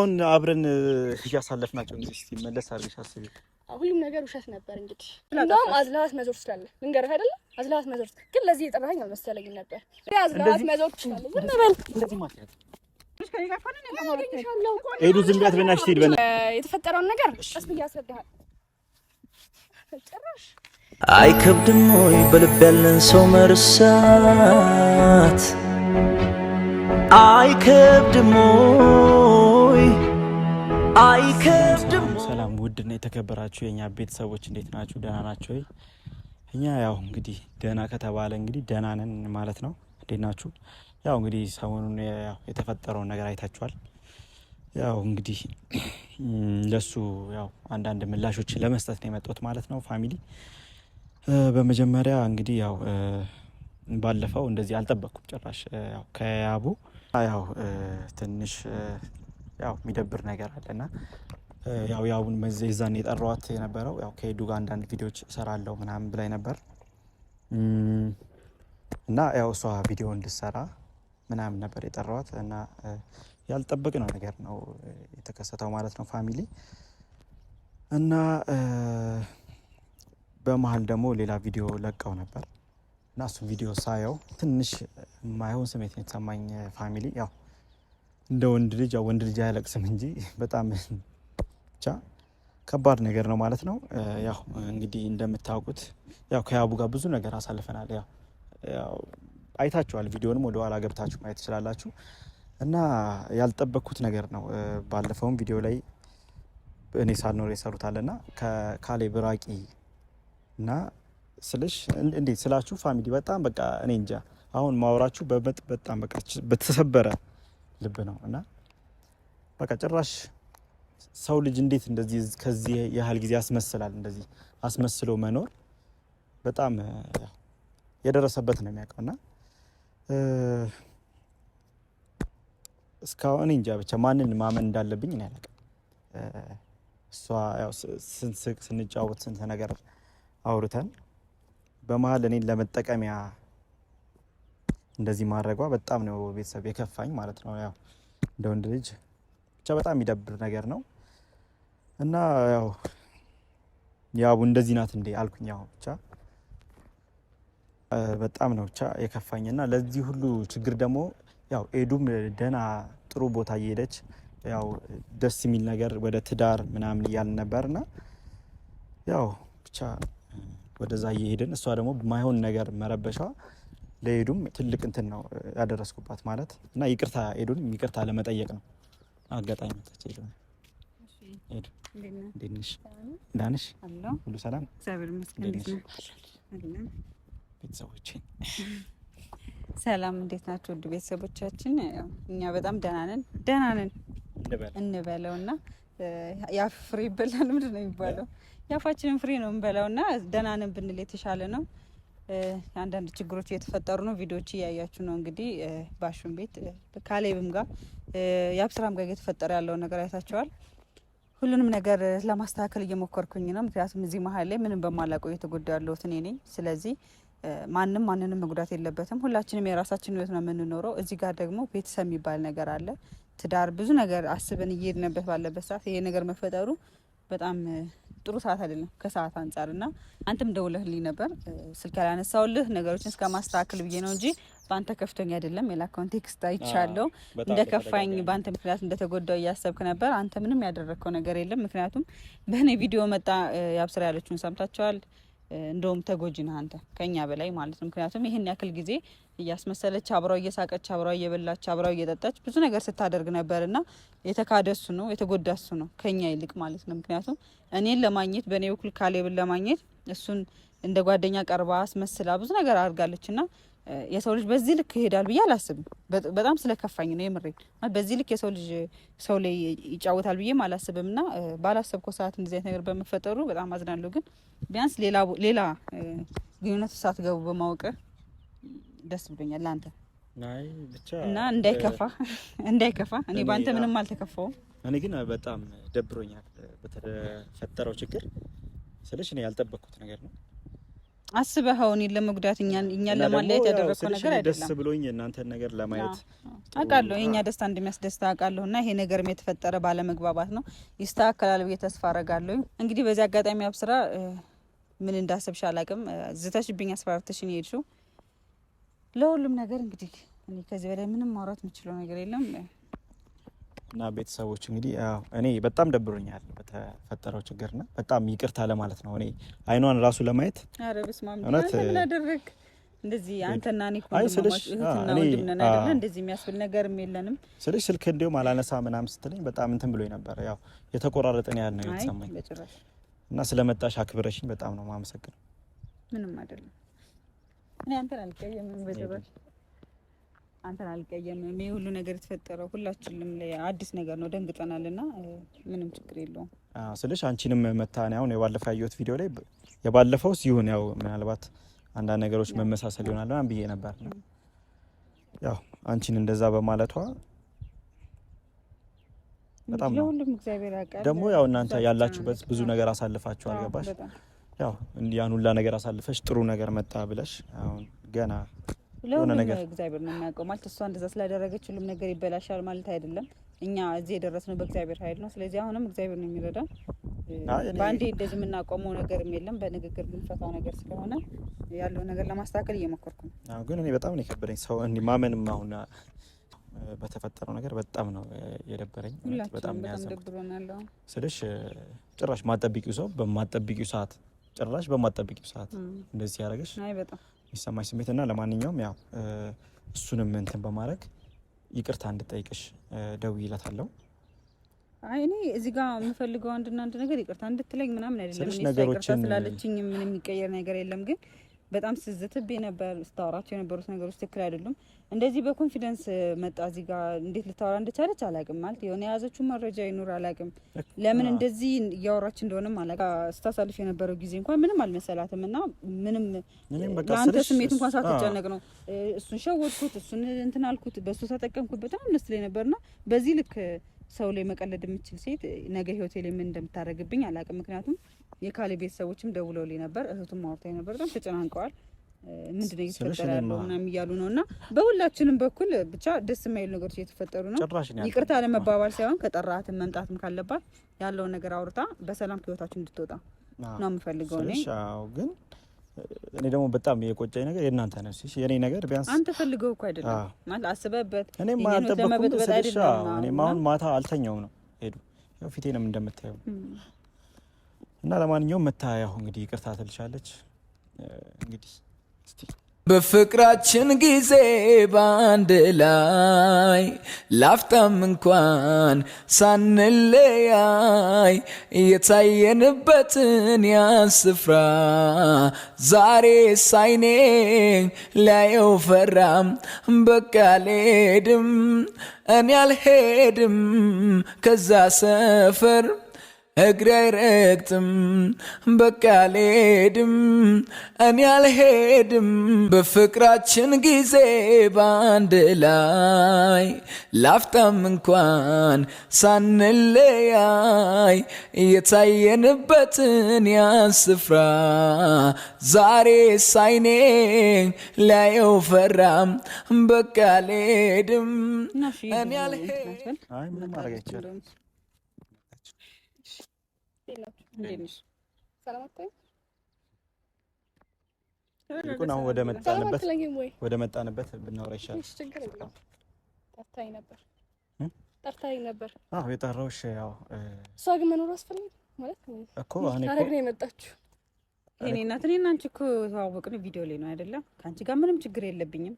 አሁን አብረን እያሳለፍናቸው ጊዜ ሲመለስ አድርገሽ አስቢው። ሁሉም ነገር ውሸት ነበር። እንግዲህ እንደውም አዝለሃት መዞር ትችላለህ። ልንገርህ አይደለ? አዝለሃት መዞር ግን ለዚህ የጠራኸኝ አልመሰለኝም ነበር። አዝለሃት መዞር ትችላለህ። ዝም በል እንደዚህ ማለት የተፈጠረውን ነገር ቀስ ብዬ አስረዳሃል። ጭራሽ አይከብድም ወይ በልብ ያለን ሰው መርሳት አይከብድም አይከብድም። ሰላም ውድና የተከበራችሁ የኛ ቤተሰቦች እንዴት ናችሁ? ደህና ናቸው ወይ? እኛ ያው እንግዲህ ደህና ከተባለ እንግዲህ ደህና ነን ማለት ነው። እንዴት ናችሁ? ያው እንግዲህ ሰሞኑን የተፈጠረውን ነገር አይታችኋል። ያው እንግዲህ ለሱ ያው አንዳንድ ምላሾችን ለመስጠት ነው የመጣሁት ማለት ነው። ፋሚሊ በመጀመሪያ እንግዲህ ያው ባለፈው እንደዚህ አልጠበቅኩም ጭራሽ ያው ከያቡ ያው ትንሽ ያው የሚደብር ነገር አለ እና ያው ያውን መዘዛን የጠራዋት የነበረው ያው ከሄዱ ጋር አንዳንድ ቪዲዮዎች እሰራለሁ ምናምን ብላይ ነበር እና ያው እሷ ቪዲዮ እንድሰራ ምናምን ነበር የጠራዋት እና ያልጠበቅነው ነገር ነው የተከሰተው ማለት ነው ፋሚሊ እና በመሀል ደግሞ ሌላ ቪዲዮ ለቀው ነበር እና እሱ ቪዲዮ ሳየው ትንሽ የማይሆን ስሜት የተሰማኝ ፋሚሊ ያው እንደ ወንድ ልጅ ያው ወንድ ልጅ አያለቅስም እንጂ በጣም ብቻ ከባድ ነገር ነው ማለት ነው። ያው እንግዲህ እንደምታውቁት ያው ከያቡ ጋር ብዙ ነገር አሳልፈናል። ያው አይታችኋል፣ ቪዲዮንም ወደ ኋላ ገብታችሁ ማየት ትችላላችሁ። እና ያልጠበቅኩት ነገር ነው። ባለፈውም ቪዲዮ ላይ እኔ ሳልኖር የሰሩታል እና ከካሌ ብራቂ እና ስልሽ እንዴት ስላችሁ ፋሚሊ በጣም በቃ እኔ እንጃ አሁን ማውራችሁ በጣም በቃ በተሰበረ ልብ ነው እና በቃ ጭራሽ ሰው ልጅ እንዴት እንደዚህ ከዚህ ያህል ጊዜ ያስመስላል? እንደዚህ አስመስሎ መኖር በጣም የደረሰበት ነው የሚያውቀው እና እስካሁን እኔ እንጃ ብቻ ማንን ማመን እንዳለብኝ እኔ አላውቅም። እሷ ያው ስንስቅ ስንጫወት ስንት ነገር አውርተን በመሀል እኔን ለመጠቀሚያ እንደዚህ ማድረጓ በጣም ነው ቤተሰብ የከፋኝ ማለት ነው። ያው እንደ ወንድ ልጅ ብቻ በጣም የሚደብር ነገር ነው እና ያው ያው እንደዚህ ናት እንዴ አልኩኝ። ያው ብቻ በጣም ነው ብቻ የከፋኝ እና ለዚህ ሁሉ ችግር ደግሞ ያው ኤዱም ደህና ጥሩ ቦታ እየሄደች ያው ደስ የሚል ነገር ወደ ትዳር ምናምን እያልን ነበር እና ያው ብቻ ወደዛ እየሄድን እሷ ደግሞ ማይሆን ነገር መረበሻ ለሄዱም ትልቅ እንትን ነው ያደረስኩባት ማለት እና ይቅርታ ሄዱን ይቅርታ ለመጠየቅ ነው። አጋጣሚ ዳንሽ ሁሉ ሰላም ቤተሰቦችን ሰላም እንዴት ናቸው? ውድ ቤተሰቦቻችን እኛ በጣም ደህና ነን ደህና ነን እንበለው እና የአፍ ፍሬ ይበላል። ምንድን ነው የሚባለው? የአፋችንን ፍሬ ነው እንበለው እና ደህና ነን ብንል የተሻለ ነው። አንዳንድ ችግሮች እየተፈጠሩ ነው። ቪዲዮዎች እያያችሁ ነው እንግዲህ ባሹን ቤት ካሌብም ጋር የአብስራም ጋር እየተፈጠረ ያለውን ነገር አይታቸዋል። ሁሉንም ነገር ለማስተካከል እየሞከርኩኝ ነው። ምክንያቱም እዚህ መሀል ላይ ምንም በማላውቀው እየተጎዳ ያለሁት እኔ ነኝ። ስለዚህ ማንም ማንንም መጉዳት የለበትም። ሁላችንም የራሳችን ህይወት ነው የምንኖረው። እዚህ ጋር ደግሞ ቤተሰብ የሚባል ነገር አለ። ትዳር፣ ብዙ ነገር አስበን እየሄድንበት ባለበት ሰዓት ይሄ ነገር መፈጠሩ በጣም ጥሩ ሰዓት አይደለም ከሰዓት አንጻር እና አንተም ደውለህልኝ ነበር። ስልክ ያላነሳውልህ ነገሮችን እስከ ማስተካከል ብዬ ነው እንጂ በአንተ ከፍቶኝ አይደለም። የላከውን ቴክስት አይቻለሁ። እንደ ከፋኝ በአንተ ምክንያት እንደተጎዳው እያሰብክ ነበር። አንተ ምንም ያደረግከው ነገር የለም። ምክንያቱም በእኔ ቪዲዮ መጣ ያብስራ ያለችውን ሰምታቸዋል። እንደውም ተጎጂ ነህ አንተ ከኛ በላይ ማለት ነው። ምክንያቱም ይህን ያክል ጊዜ እያስመሰለች አብራው እየሳቀች አብራው እየበላች አብራው እየጠጣች ብዙ ነገር ስታደርግ ነበርና የተካደሱ ነው የተጎዳሱ ነው ከኛ ይልቅ ማለት ነው። ምክንያቱም እኔን ለማግኘት በእኔ በኩል ካሌብን ለማግኘት እሱን እንደ ጓደኛ ቀርባ አስመስላ ብዙ ነገር አድርጋለች እና የሰው ልጅ በዚህ ልክ ይሄዳል ብዬ አላስብም። በጣም ስለከፋኝ ነው የምሬ። በዚህ ልክ የሰው ልጅ ሰው ላይ ይጫወታል ብዬም አላስብም እና ባላሰብኮ ሰዓት እንደዚህ አይነት ነገር በመፈጠሩ በጣም አዝናለሁ። ግን ቢያንስ ሌላ ግንኙነት ገቡ በማወቅ ደስ ብሎኛል። ለአንተ እና እንዳይከፋ እንዳይከፋ። እኔ በአንተ ምንም አልተከፋውም። እኔ ግን በጣም ደብሮኛል በተፈጠረው ችግር ስልሽ እኔ ያልጠበቅኩት ነገር ነው አስበኸው እኔን ለመጉዳት እኛን እኛን ለማለያየት ያደረግከው ነገር አይደለም። ደስ ብሎኝ የእናንተን ነገር ለማየት አውቃለሁ፣ የእኛ ደስታ እንደሚያስደስታ አውቃለሁ። እና ይሄ ነገርም የተፈጠረ ባለመግባባት ነው፣ ይስተካከላል ብዬ ተስፋ አረጋለሁ። እንግዲህ በዚህ አጋጣሚ አብስራ ምን እንዳሰብሽ አላውቅም። ዝተሽብኝ አስፈራርተሽኝ የሄድሽው ለሁሉም ነገር እንግዲህ ከዚህ በላይ ምንም ማውራት የምችለው ነገር የለም። እና ቤተሰቦች እንግዲህ እኔ በጣም ደብሮኛል በተፈጠረው ችግርና በጣም ይቅርታ ለማለት ነው። እኔ አይኗን ራሱ ለማየት እውነት እንደዚህ አንተና እኔ እንደዚህ የሚያስብል ነገርም የለንም ስልሽ ስልክ እንዲሁም አላነሳ ምናምን ስትለኝ በጣም እንትን ብሎኝ ነበር። ያው የተቆራረጠን ያህል ነው የተሰማኝ እና ስለመጣሽ አክብረሽኝ በጣም ነው ማመሰግነው። ምንም አይደለም እኔ አንተን አልቀየምም በጭራሽ። አንተን አልቀየምም። ይህ ሁሉ ነገር የተፈጠረው ሁላችንም አዲስ ነገር ነው፣ ደንግጠናል እና ምንም ችግር የለውም ስልሽ አንቺንም መታን። አሁን የባለፈው ያየሁት ቪዲዮ ላይ የባለፈውስ ይሁን ያው ምናልባት አንዳንድ ነገሮች መመሳሰል ይሆናል ምናምን ብዬ ነበር። ያው አንቺን እንደዛ በማለቷ ደግሞ ያው እናንተ ያላችሁበት ብዙ ነገር አሳልፋችሁ አልገባሽ ያው ያን ሁላ ነገር አሳልፈሽ ጥሩ ነገር መጣ ብለሽ አሁን ገና ለሁሉም እግዚአብሔር ነው የሚያውቀው። ማለት እሷ እንደዛ ስላደረገች ሁሉም ነገር ይበላሻል ማለት አይደለም። እኛ እዚህ የደረስነው በእግዚአብሔር ኃይል ነው። ስለዚህ አሁንም እግዚአብሔር ነው የሚረዳን። በአንዴ እንደዚህ የምናቆመው ነገርም የለም። በንግግር የምንፈታው ነገር ስለሆነ ያለው ነገር ለማስተካከል እየሞከርኩ ነው። ግን እኔ በጣም ነው የከበደኝ ሰው እንዲህ ማመንም አሁን በተፈጠረው ነገር በጣም ነው የደበረኝ። በጣም ነው ስልሽ ጭራሽ ማጠብቂው ሰው በማጠብቂው ሰዓት ጭራሽ በማጠብቂው ሰዓት እንደዚህ አይ በጣም የሚሰማኝ ስሜት እና ለማንኛውም ያው እሱንም እንትን በማድረግ ይቅርታ እንድጠይቅሽ ደውዬላታለሁ። አይ እኔ እዚህ ጋ የምፈልገው አንድና አንድ ነገር ይቅርታ እንድትለኝ ምናምን አይደለም። ነገሮችን ስላለችኝ ምንም የሚቀየር ነገር የለም ግን በጣም ስዝትቤ ነበር። ስታወራቸው የነበሩት ነገሮች ትክክል አይደሉም። እንደዚህ በኮንፊደንስ መጣ እዚህ ጋር እንዴት ልታወራ እንደቻለች አላቅም። ማለት የሆነ የያዘችው መረጃ ይኑር አላቅም። ለምን እንደዚህ እያወራች እንደሆነም አላ ስታሳልፍ የነበረው ጊዜ እንኳን ምንም አልመሰላትም። እና ምንም ለአንተ ስሜት እንኳን ሳትጨነቅ ነው እሱን ሸወድኩት፣ እሱን እንትን አልኩት፣ በእሱ ተጠቀምኩት በጣም ነስ ላይ ነበር ና በዚህ ልክ ሰው ላይ መቀለድ የምችል ሴት ነገ ህይወቴ ላይ ምን እንደምታደርግብኝ አላቅም ምክንያቱም የካሌ ቤተሰቦችም ደውለውልኝ ነበር፣ እህቱም አውርታኝ ነበር። በጣም ተጨናንቀዋል። ምንድነው እየተፈጠረ ያለው ምናምን እያሉ ነው። እና በሁላችንም በኩል ብቻ ደስ የማይሉ ነገሮች እየተፈጠሩ ነው። ይቅርታ ለመባባል ሳይሆን ከጠራትን መምጣትም ካለባት ያለውን ነገር አውርታ በሰላም ከህይወታችን እንድትወጣ ነው የምፈልገው እኔ ግን እኔ ደግሞ በጣም የቆጨኝ ነገር የእናንተ ነው። እሺ የኔ ነገር ቢያንስ አንተ ፈልገው እኮ አይደለም ማለት አስበበት። እኔ አልጠበኩም። እኔ አሁን ማታ አልተኛውም ነው ሄዱ ያው ፊቴንም እንደምታየው እና ለማንኛውም መታያሁ እንግዲህ ይቅርታ ትልሻለች። እንግዲህ በፍቅራችን ጊዜ በአንድ ላይ ላፍታም እንኳን ሳንለያይ እየታየንበትን ያን ስፍራ ዛሬ ሳይኔ ላየው ፈራም። በቃ አልሄድም እኔ አልሄድም ከዛ ሰፈር እግሬ አይረግጥም፣ በቃ አልሄድም፣ እኔ አልሄድም። በፍቅራችን ጊዜ በአንድ ላይ ላፍታም እንኳን ሳንለያይ የታየንበትን ያን ስፍራ ዛሬ ሳይኔ ላየው ፈራም፣ በቃ አልሄድም፣ እኔ አልሄድም። ይልቁን አሁን ወደ መጣንበት ወደ መጣንበት ብናወራ ይሻላል። ጠርታኝ ነበር ጠርታኝ ነበር። አዎ የጠራሁሽ ያው እሷ ግን መኖር አስፈላጊ ማለት ነው እኮ ነው የመጣችሁ የእኔ እናት እኔ እና አንቺ እኮ የተዋወቅን ቪዲዮ ላይ ነው አይደለም? ከአንቺ ጋር ምንም ችግር የለብኝም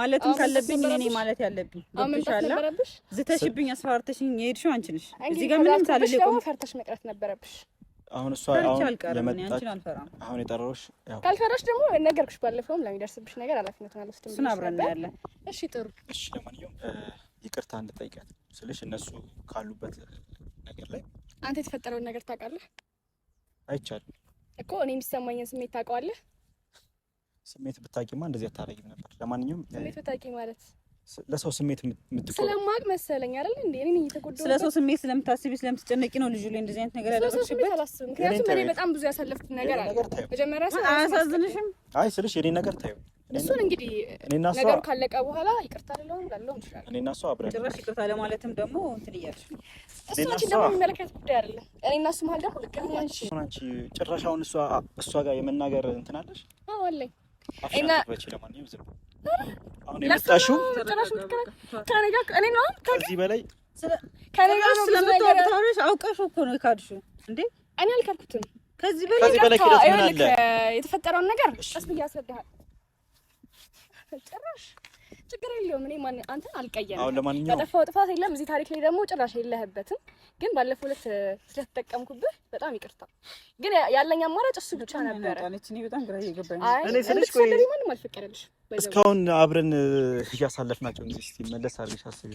ማለትም ካለብኝ እኔ ማለት ያለብኝ ገብቶሻል። ዝተሽብኝ አስፈራርተሽኝ የሄድሽው አንቺ ነሽ። እዚህ ጋር ምንም ቆም ፈርተሽ መቅረት ነበረብሽ። አሁን እሷ አሁን ለመጣች አሁን የጠራሁሽ ካልፈራሽ ደግሞ ነገርኩሽ፣ ባለፈውም ለሚደርስብሽ ነገር ኃላፊነቱን አልወስድም። እሱን አብረን ያለ እሺ ጥሩ። እሺ ለማንኛውም ይቅርታ እንድጠይቃት ስልሽ እነሱ ካሉበት ነገር ላይ አንተ የተፈጠረውን ነገር ታውቃለህ አይቻልም እኮ እኔ የሚሰማኝን ስሜት ታውቀዋለህ። ስሜት ብታቂማ እንደዚህ አታረጊም ነበር። ለማንኛውም ስሜት ብታቂ ማለት ለሰው ስሜት የምትቆ ስለማቅ መሰለኝ አይደል እንዴ? እኔ እየተጎዳሁ ስለ ሰው ስሜት ስለምታስቢ ስለምትጨነቂ ነው ልጁ ላይ እንደዚህ አይነት ነገር ያደረግሽበት። ምክንያቱም እኔ በጣም ብዙ ያሳለፍኩት ነገር አለ። መጀመሪያ አያሳዝንሽም? አይ ስልሽ የኔ ነገር ታዩ እሱን እንግዲህ ነገር ካለቀ በኋላ ይቅርታ ልለው ላለው እንችላለን። እኔና እሷ አብረን ጭራሽ ይቅርታ ለማለትም ደግሞ እንትን እያልሽ እሱ ደግሞ የሚመለከት ጉዳይ አይደለም። እኔና እሱ መሀል ደግሞ ልክ አንቺ ጭራሽ አሁን እሷ ጋር የመናገር እንትን አለሽ? አዎ አለኝ። እና ለማንኛውም ዝም አሁን የመጣሽው እኔ ነው ከዚህ በላይ አውቀሽ እኮ ነው የካድሽው እንዴ? እኔ አልካድኩትም። ከዚህ በላይ የተፈጠረውን ነገር ቀስ ብዬ አስረዳሃለሁ ጭራሽ ችግር የለውም። እኔ ማን አንተ አልቀየም። አሁን ለማንኛውም ያጠፋው ጥፋት የለም። እዚህ ታሪክ ላይ ደግሞ ጭራሽ የለህበትም። ግን ባለፈው ዕለት ስለተጠቀምኩብህ በጣም ይቅርታ። ግን ያለኝ አማራጭ እሱ ብቻ ነበረ። እኔ በጣም ግራ እየገባኝ እኔ ስልሽ ቆይ ማንም አልፈቀደልሽ። እስካሁን አብረን እያሳለፍናቸው እንግዲህ እስቲ መለስ አድርገሽ አስቢ።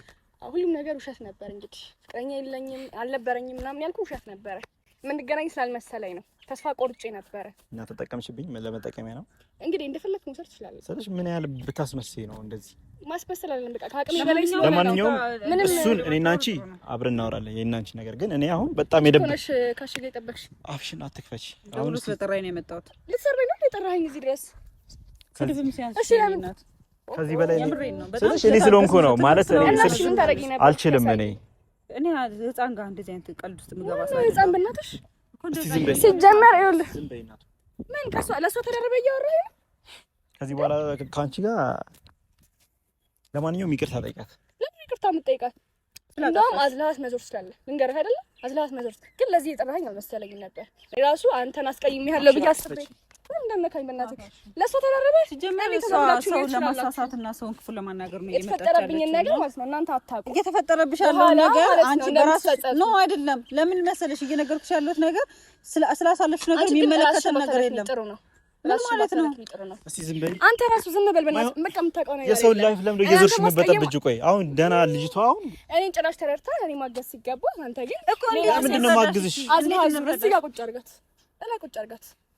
ሁሉም ነገር ውሸት ነበር። እንግዲህ ፍቅረኛ የለኝም አልነበረኝም ምናምን ያልኩህ ውሸት ነበረ። የምንገናኝ ስላልመሰለኝ ነው። ተስፋ ቆርጬ ነበረ እና ተጠቀምሽብኝ። ለመጠቀሚያ ነው እንግዲህ እንደፈለክ መውሰድ ትችላለህ። ስለሽ ምን ያህል ብታስመስይ ነው እንደዚህ ማስመሰል አለን። በቃ ከአቅሜ በላይ ስለሆነ ለማንኛውም እሱን እኔና አንቺ አብረን እናወራለን። የእኔና አንቺ ነገር ግን እኔ አሁን በጣም የደብ ነሽ ካሽገ የጠበቅሽ አፍሽን አትክፈች። አሁን ስለ ጠራኸኝ ነው የመጣሁት። ልትሰራኝ ነው የጠራኸኝ እዚህ ድረስ ስድብም ሲያንስ እሺ ለምን ከዚህ በላይ ስለሽ እኔ ስለሆንኩ ነው ማለት እኔ ስልሽ አልችልም እኔ እኔ ህፃን ጋር እንደዚህ አይነት ቀልድ ውስጥ የምገባ ሰው ህፃን በእናትሽ ሲጀመር ይኸውልህ ምን ቀሷ ለእሷ ተደረበ እያወራህ ከዚህ በኋላ ከአንቺ ጋር ለማንኛውም ይቅርታ ጠይቃት ለምን ይቅርታ የምትጠይቃት እንደውም አዝለሃት መዞር ስላለ ልንገርህ አይደለ አዝለሃት መዞር ግን ለዚህ የጠራኸኝ አልመሰለኝም ነበር ራሱ አንተን አስቀይሜሃለሁ ብዬ አስቤ ምን እንደነካኝ በእናትህ ለእሷ ተደረበ ሰው ለማሳሳት እና ሰውን ክፉ ለማናገር ነው የተፈጠረብኝን ነገር ማለት ነው። እናንተ አታውቁም እየተፈጠረብሽ ያለውን ነገር አንቺ በራስሽ ነው አይደለም። ለምን መሰለሽ እየነገርኩሽ ያለሁት ነገር ስላሳለፍሽ ነገር የሚመለከተን ነገር የለም። ጥሩ ነው ማለት ነው? አንተ ራሱ ዝም በል በእናትህ። በቃ የምታውቀው ነገር የሰው ላይፍ ለምዶ እየዞርሽ የምበጠብጅ። ቆይ አሁን ደህና ልጅቷ አሁን እኔን ጭራሽ ተረድታ እኔ ማገዝ ሲገባ አንተ ግን እኮ ምንድን ነው ማግዝሽ? እዚህ ጋር ቁጭ አድርጋት፣ እላ ቁጭ አድርጋት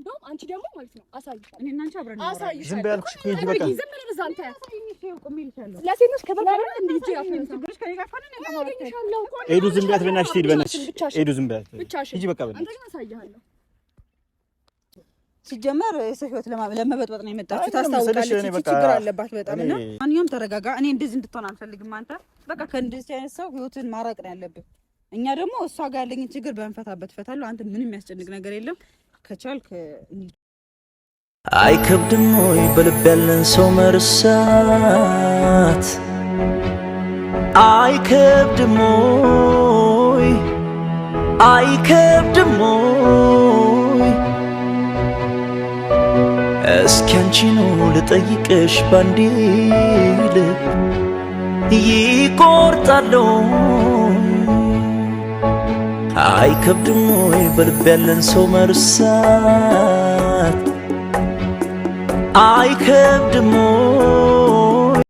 እንደውም አንቺ ደግሞ ማለት ነው አሳይሽ። እኔ እና አንቺ አብረን አሳይሽ። ዝም በል አልኩሽ እኮ በቃ ዝም ብለህ እዛ አንተ ለሴቶች ክብር ባለው እንደ ይዤ ያፈንሽ ከኔ ጋር ፋና ነው ያለው። ኤዱ ዝም ብላት በእናትሽ፣ ትሄድ በእናትሽ። ኤዱ ዝም ብላት ብቻሽ ሂጂ በቃ በእናትሽ። አንተ ግን ሲጀመር የሰው ህይወት ለመበጥበጥ ነው የመጣችው። ታስታውቃለች። ችግር አለባት በጣም እና ማንኛውም ተረጋጋ። እኔ እንደዚህ እንድትሆን አልፈልግም። አንተ በቃ ከእንደዚህ አይነት ሰው ህይወትን ማራቅ ነው ያለብህ። እኛ ደግሞ እሷ ጋር ያለኝን ችግር በእንፈታበት ፈታለሁ። አንተ ምንም የሚያስጨንቅ ነገር የለም። ከቻልክ አይከብድም ወይ በልብ ያለን ሰው መርሳት? አይከብድም ወይ አይከብድም ወይ? እስኪ አንቺኑ ልጠይቅሽ ባንዲል ልብ ይቆርጣለሁ አይከብድም ከብድሞ በልብ ያለን ሰው መርሳት አይከብድም